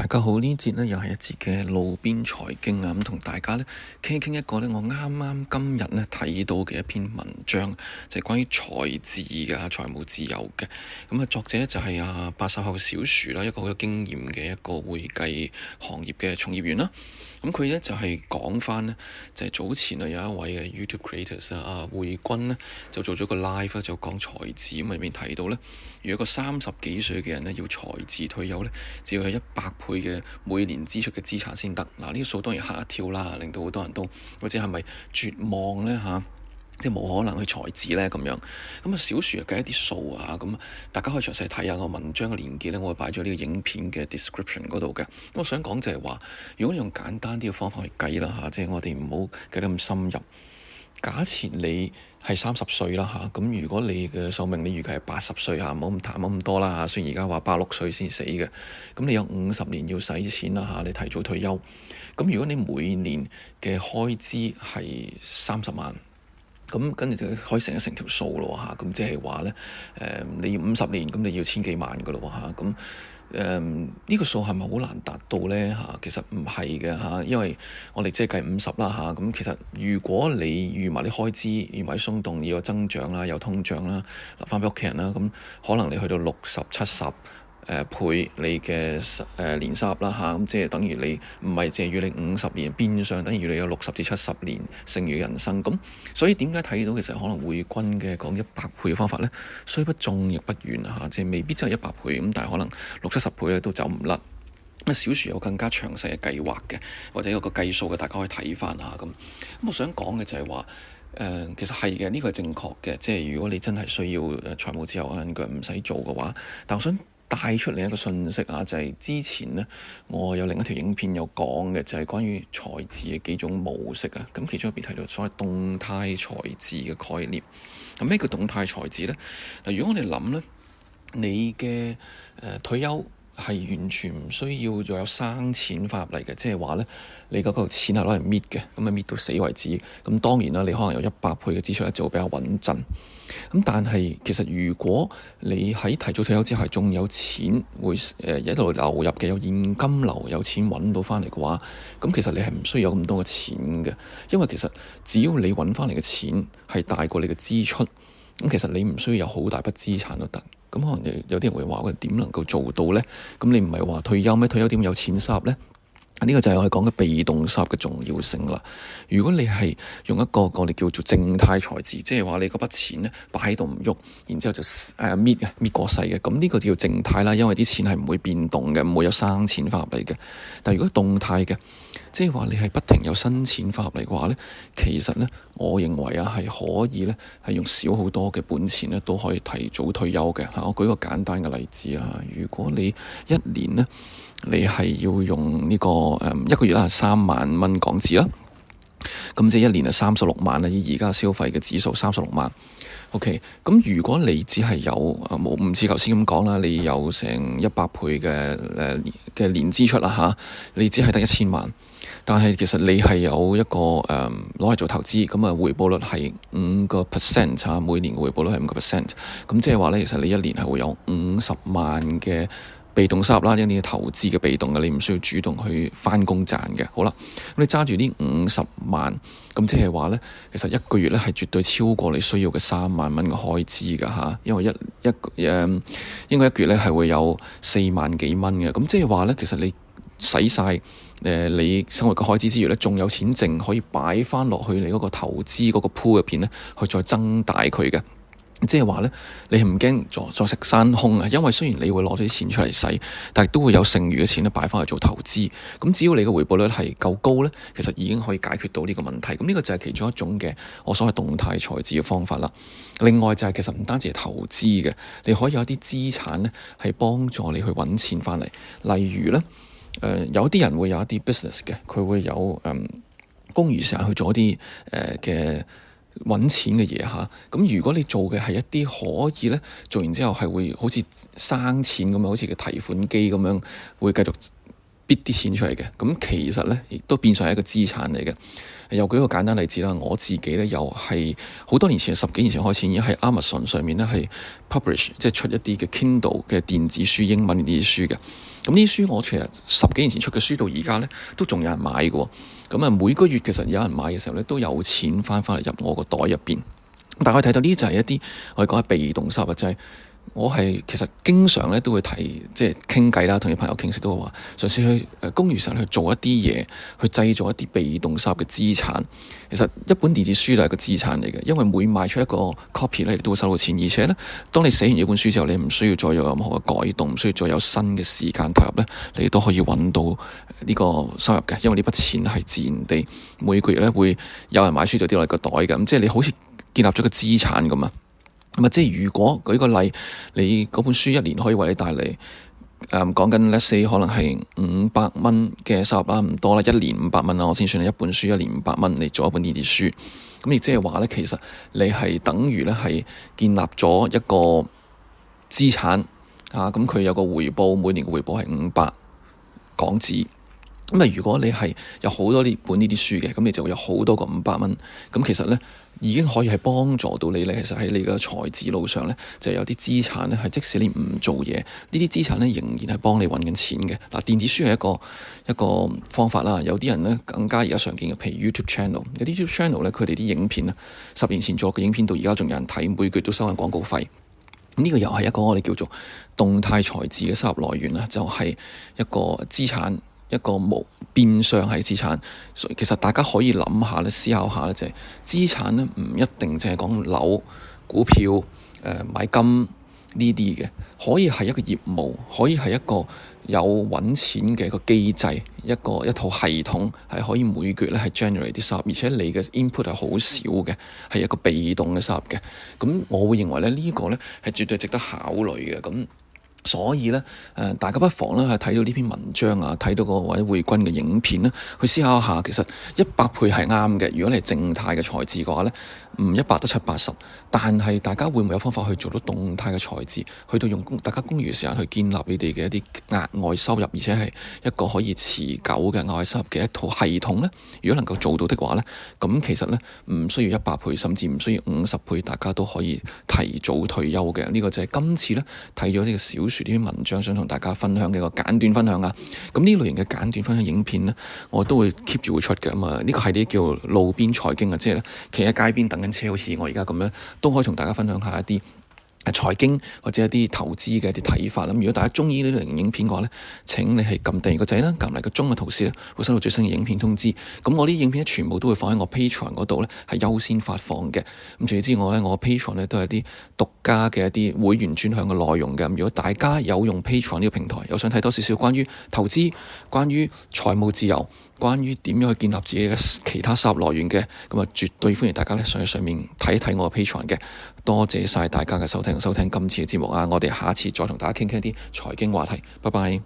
大家好，呢節咧又係一節嘅路邊財經啊，咁同大家咧傾一傾一個咧我啱啱今日咧睇到嘅一篇文章，就係、是、關於財自啊，財務自由嘅。咁啊，作者咧就係阿八十後小薯啦，一個好有經驗嘅一個會計行業嘅從業員啦。咁佢呢就係講翻咧，就係、是、早前啊有一位嘅 YouTube creators 啊，阿匯君咧就做咗個 live 就講財自，咁入面提到呢，如果一個三十幾歲嘅人呢要財自退休呢，只要係一百倍。佢嘅每年支出嘅資產先得，嗱，呢個數當然嚇一跳啦，令到好多人都或者係咪絕望咧吓？即係冇可能去財自咧咁樣。咁啊，小薯計一啲數啊，咁大家可以詳細睇下個文章嘅連結咧，我會擺咗呢個影片嘅 description 嗰度嘅。我想講就係話，如果你用簡單啲嘅方法去計啦吓，即係我哋唔好計得咁深入。假設你係三十歲啦嚇，咁如果你嘅壽命你預計係八十歲嚇，唔好咁談，唔好咁多啦嚇。雖然而家話八六歲先死嘅，咁你有五十年要使錢啦嚇，你提早退休，咁如果你每年嘅開支係三十萬，咁跟住就可以成一成條數咯喎嚇，咁即係話咧，誒你要五十年，咁你要千幾萬㗎咯喎嚇，咁。誒、um, 呢個數係咪好難達到咧？嚇、啊，其實唔係嘅嚇，因為我哋即係計五十啦嚇，咁、嗯、其實如果你預埋啲開支，預埋啲鬆動，要有增長啦，有通脹啦，留翻畀屋企人啦，咁、啊嗯、可能你去到六十七十。配、呃、你嘅、呃、年收入啦嚇，咁、啊、即係等於你唔係借預你五十年，變相等於你有六十至七十年剩餘人生。咁、啊、所以點解睇到其實可能匯君嘅講一百倍嘅方法呢？雖不中亦不遠嚇、啊，即係未必真係一百倍，咁、啊、但係可能六七十倍咧都走唔甩。咁小薯有更加詳細嘅計劃嘅，或者有個計數嘅，大家可以睇翻下咁。啊、我想講嘅就係話、呃，其實係嘅，呢、這個係正確嘅，即係如果你真係需要財務自由啊，唔使做嘅話，但我想。帶出另一個信息啊，就係之前呢，我有另一條影片有講嘅，就係關於財自嘅幾種模式啊。咁其中一邊提到所謂動態財自嘅概念。咁咩叫動態財自咧？嗱，如果我哋諗咧，你嘅誒退休。係完全唔需要再有生錢發入嚟嘅，即係話咧，你嗰個錢係攞嚟搣嘅，咁咪搣到死為止。咁當然啦，你可能有一百倍嘅支出咧，就會比較穩陣。咁但係其實，如果你喺提早退休之後仲有錢會誒一路流入嘅，有現金流，有錢揾到翻嚟嘅話，咁其實你係唔需要有咁多嘅錢嘅，因為其實只要你揾翻嚟嘅錢係大過你嘅支出，咁其實你唔需要有好大筆資產都得。咁可能有啲人會話：「我點能夠做到呢？咁你唔係話退休咩？退休點有錢收入呢？」呢個就係我哋講嘅被動收入嘅重要性啦。如果你係用一個我哋叫做靜態財自，即係話你嗰筆錢呢擺喺度唔喐，然之後就搣嘅搣過世嘅，咁呢個就叫靜態啦。因為啲錢係唔會變動嘅，唔會有生錢返入嚟嘅。但如果動態嘅，即係話你係不停有新錢發入嚟嘅話咧，其實咧，我認為啊係可以咧，係用少好多嘅本錢咧，都可以提早退休嘅。吓，我舉個簡單嘅例子啊，如果你一年咧，你係要用呢、這個誒一個月啦三萬蚊港紙啦，咁即係一年係三十六萬啦。依而家消費嘅指數三十六萬。O K，咁如果你只係有冇唔似頭先咁講啦，你有成一百倍嘅誒嘅年支出啦吓，你只係得一千萬。但係其實你係有一個誒攞嚟做投資，咁啊回報率係五個 percent 嚇，每年嘅回報率係五個 percent，咁即係話咧，其實你一年係會有五十萬嘅被動收入啦，因為你投資嘅被動嘅，你唔需要主動去翻工賺嘅。好啦，咁你揸住呢五十萬，咁即係話咧，其實一個月咧係絕對超過你需要嘅三萬蚊嘅開支㗎嚇、啊，因為一一個誒、嗯、應該一個月咧係會有四萬幾蚊嘅，咁即係話咧，其實你。使晒誒你生活嘅開支之餘咧，仲有錢剩可以擺翻落去你嗰個投資嗰個 pool 入邊咧，去再增大佢嘅。即係話呢，你唔驚再再食山空啊，因為雖然你會攞啲錢出嚟使，但係都會有剩餘嘅錢咧擺翻去做投資。咁只要你嘅回報率係夠高呢，其實已經可以解決到呢個問題。咁呢個就係其中一種嘅我所謂動態財自嘅方法啦。另外就係、是、其實唔單止係投資嘅，你可以有一啲資產呢，係幫助你去揾錢翻嚟，例如呢。誒、呃、有啲人會有一啲 business 嘅，佢會有誒工餘時間去做一啲誒嘅揾錢嘅嘢嚇。咁、啊、如果你做嘅係一啲可以咧，做完之後係會好似生錢咁樣，好似個提款機咁樣，會繼續啲錢出嚟嘅，咁其實咧亦都變相係一個資產嚟嘅。又舉一個簡單例子啦，我自己咧又係好多年前，十幾年前開始，已經喺 Amazon 上面咧係 publish，即係出一啲嘅 Kindle 嘅電子書，英文呢啲書嘅。咁呢啲書我其實十幾年前出嘅書，到而家咧都仲有人買嘅。咁啊，每個月其實有人買嘅時候咧，都有錢翻翻嚟入我個袋入邊。大家可以睇到呢啲就係一啲我哋講係被動收入或者。係、就係。我係其實經常咧都會提即係傾偈啦，同啲朋友傾偈都話，嘗試去誒工餘時間去做一啲嘢，去製造一啲被動收入嘅資產。其實一本電子書都係個資產嚟嘅，因為每賣出一個 copy 咧，亦都會收到錢。而且咧，當你寫完呢本書之後，你唔需要再有任何嘅改動，唔需要再有新嘅時間投入咧，你都可以揾到呢個收入嘅。因為呢筆錢係自然地每個月咧會有人買書就跌落嚟個袋嘅。咁即係你好似建立咗個資產咁啊！即係如果舉個例，你嗰本書一年可以為你帶嚟，誒、嗯，講緊 let's say 可能係五百蚊嘅收入啦，唔多啦，一年五百蚊啦，我先算你一本書一年五百蚊，你做一本呢啲書，咁亦即係話咧，其實你係等於咧係建立咗一個資產，啊，咁佢有個回報，每年嘅回報係五百港紙。咁如果你係有好多本呢啲書嘅，咁你就會有好多個五百蚊。咁其實呢已經可以係幫助到你咧。其實喺你嘅財自路上呢，就有啲資產呢係即使你唔做嘢，呢啲資產呢仍然係幫你揾緊錢嘅嗱、啊。電子書係一個一個方法啦。有啲人呢更加而家常見嘅，譬如 YouTube channel，有啲 YouTube channel 呢，佢哋啲影片啊，十年前做嘅影片到而家仲有人睇，每個月都收緊廣告費。呢、啊這個又係一個我哋叫做動態財自嘅收入來源啦，就係、是、一個資產。一個冇變相係資產，所以其實大家可以諗下咧，思考下咧，就係資產咧唔一定淨係講樓、股票、誒、呃、買金呢啲嘅，可以係一個業務，可以係一個有揾錢嘅一個機制，一個一套系統係可以每月咧係 generate 啲收入，而且你嘅 input 係好少嘅，係一個被動嘅收入嘅。咁我會認為咧呢個咧係絕對值得考慮嘅。咁所以呢，大家不妨咧睇到呢篇文章啊，睇到、嗰位匯君嘅影片呢，去思考一下，其實一百倍係啱嘅。如果你係靜態嘅財自嘅話呢。唔一百得七八十，但係大家會唔會有方法去做到動態嘅財自，去到用大家公餘時間去建立你哋嘅一啲額外收入，而且係一個可以持久嘅外收入嘅一套系統咧？如果能夠做到的話咧，咁其實咧唔需要一百倍，甚至唔需要五十倍，大家都可以提早退休嘅。呢、這個就係今次咧睇咗呢個小薯呢篇文章，想同大家分享嘅一個簡短分享啊。咁呢類型嘅簡短分享影片咧，我都會 keep 住會出嘅啊嘛。呢、這個係啲叫路邊財經啊，即係咧企喺街邊等緊車，好似我而家咁樣，都可以同大家分享下一啲誒財經或者一啲投資嘅一啲睇法啦。如果大家中意呢類型影片嘅話咧，請你係撳第二個掣啦，撳嚟個鐘嘅圖示咧，會收到最新嘅影片通知。咁我啲影片咧，全部都會放喺我 Patreon 度咧，係優先發放嘅。咁除此之外咧，我 Patreon 咧都有啲獨家嘅一啲會員專享嘅內容嘅。咁如果大家有用 Patreon 呢個平台，又想睇多少少關於投資、關於財務自由，關於點樣去建立自己嘅其他收入來源嘅，咁啊絕對歡迎大家咧上去上面睇一睇我嘅 Patreon 嘅，多謝晒大家嘅收聽收聽今次嘅節目啊！我哋下次再同大家傾傾啲財經話題，拜拜。